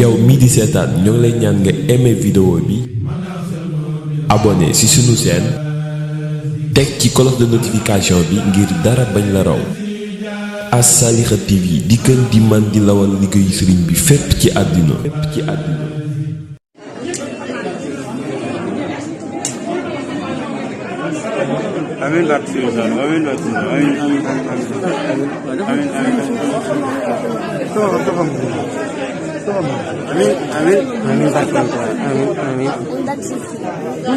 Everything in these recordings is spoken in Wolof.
yow mii di seetaan ñoo lay ñaan nga aimé vidéo bi abonné ci sunu seen teg ci cloche de notification bi ngir dara bañ la raw As Salihah TV di gën di man di lawal liggéeyu sëriñ bi fépp ci àddina fépp ci àddina Amin bakti Ustaz. Amin bakti. Amin. Amin. Amin. Amin. amin amin amin Amin, amin, amin amin amin Amin, amin. amin amin amin amin Amin. amin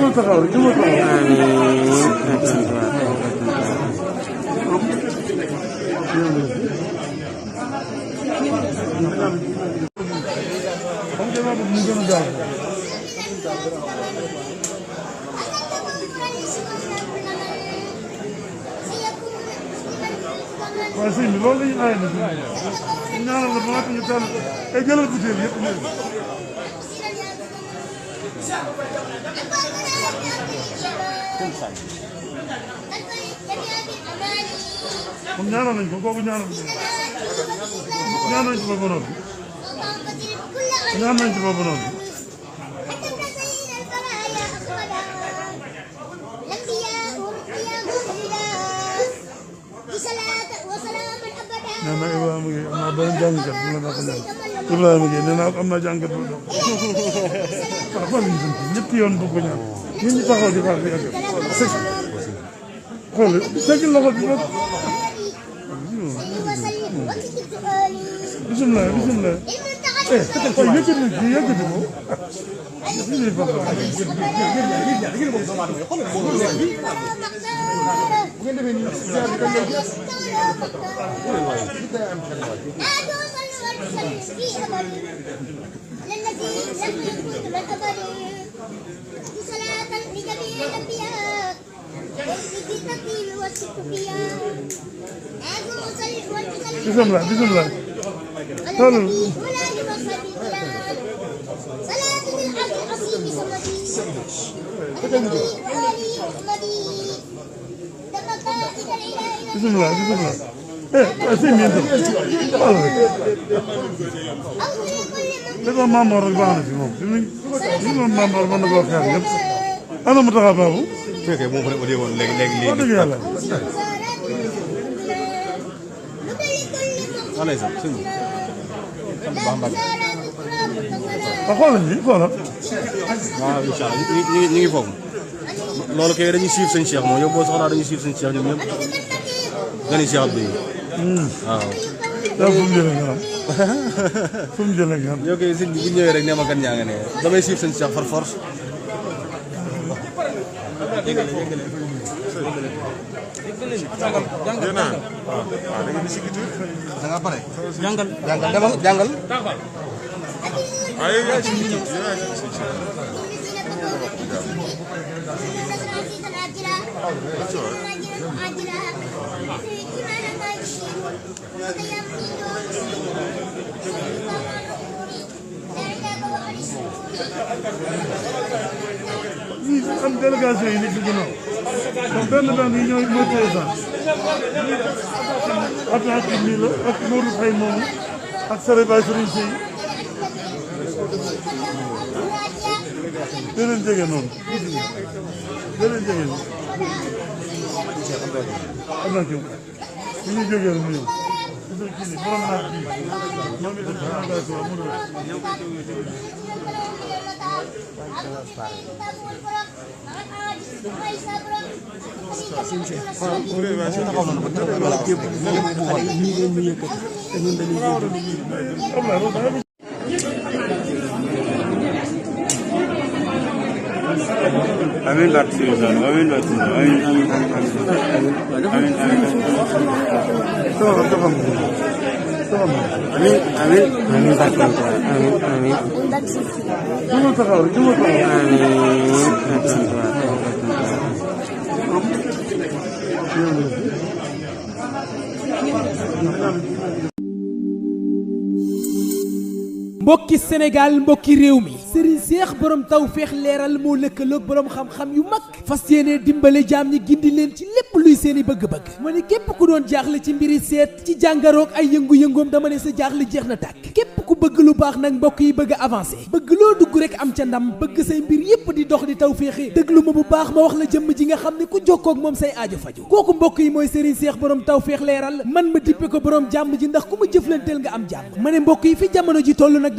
amin amin amin amin jago. waaye sëñ bi loolu la ñu aaye na ñu ñaanal la ba nga taal ay jëlal butéel yëpp ñu kon ñaanal nañ ko kooku ñaanal ñaan nañ ko ba ba noppi ñaan nañ ko ba ba noppi nee na Ibrahima Gueye am naa benn jàngkat bu ma naka ñaan Ibrahima Gueye nee naa am naa jàngkat bu doon waaw fan la ñu sant ñetti yoon bëgg ko ñaan ñun ñu taxaw di xaar di àggal sëkk xool sëkk loxo bi rek bisimilah bisimilah ايه يجري يجري صلاة لجميع الأنبياء والصديقين والصديقيات آمن وصلي وسلم بسم الله بسم الله seviyoruz. Ödemeyeceğiz. Bismillah, bismillah. Evet, sen yedim. Vallahi. Ne zaman mamar bana diyor. Şimdi ne zaman mamar bana bakar. Ana mı daha babu? Peki, bu böyle oluyor leg leg leg. Hadi gel. Anaysa, şimdi. Bamba. Bakalım, bakalım. waaw ah, incha kay dañuy suivre seen cheikh moom yow boo soxlaa dañuy suivre seen cheikh ñoom ñëpp gani cheikh abdou yi hmm. waaw yow fu mu jëlee nga fu mu jëlee nga yow kay sëñ bu ñëwee rek nee kan ñaa nga damay suivre seen cheikh far force jàngal jàngal Hayır ya şimdi gidiyor. Ya şimdi seçiyor. Там делегация или бегуна. Там бен бен ее мотеза. Атат мило, акмур хаймон, аксарай байсрин сей. da leen jege noonu da leen jege noonu am na kii bu ñu jógee rek mu ñëw kii borom naat bii moom itam xam naa ko mu wala képp bu xale yi ñii leen ñu yëkkati te ñun dañuy Amin Pak amin Pak amin amin, amin, amin, amin, amin, amin, amin, amin Pak amin amin, amin, cuma terlalu, cuma terlalu, amin, amin, amin, mbokki Sénégal mbokki réew mi sëriñ seex borom taw feex leeral moo lëkkaloog boroom xam-xam yu mag fas yéene dimbale jaam ñi gindi leen ci lépp luy seeni bëgg-bëgg ma ne képp ku doon jaaxle ci mbir mbiri seet ci jàngaroog ay yëngu-yëngoom dama ne sa jaaxle jeex na tàkk képp ku bëgg lu baax nag mbokk yi bëgg a bëgg loo dugg rek am ca ndam bëgg say mbir yépp di dox di taw féexe déglu ma bu baax ma wax la jëmm ji nga xam ne ku jokkoo moom say aajo faju kooku mbokk yi mooy sëriñ seex borom taw feex leeral man ma dippe ko borom jàmm ji ndax ku ma jëflanteel nga am jàmm ma ne nag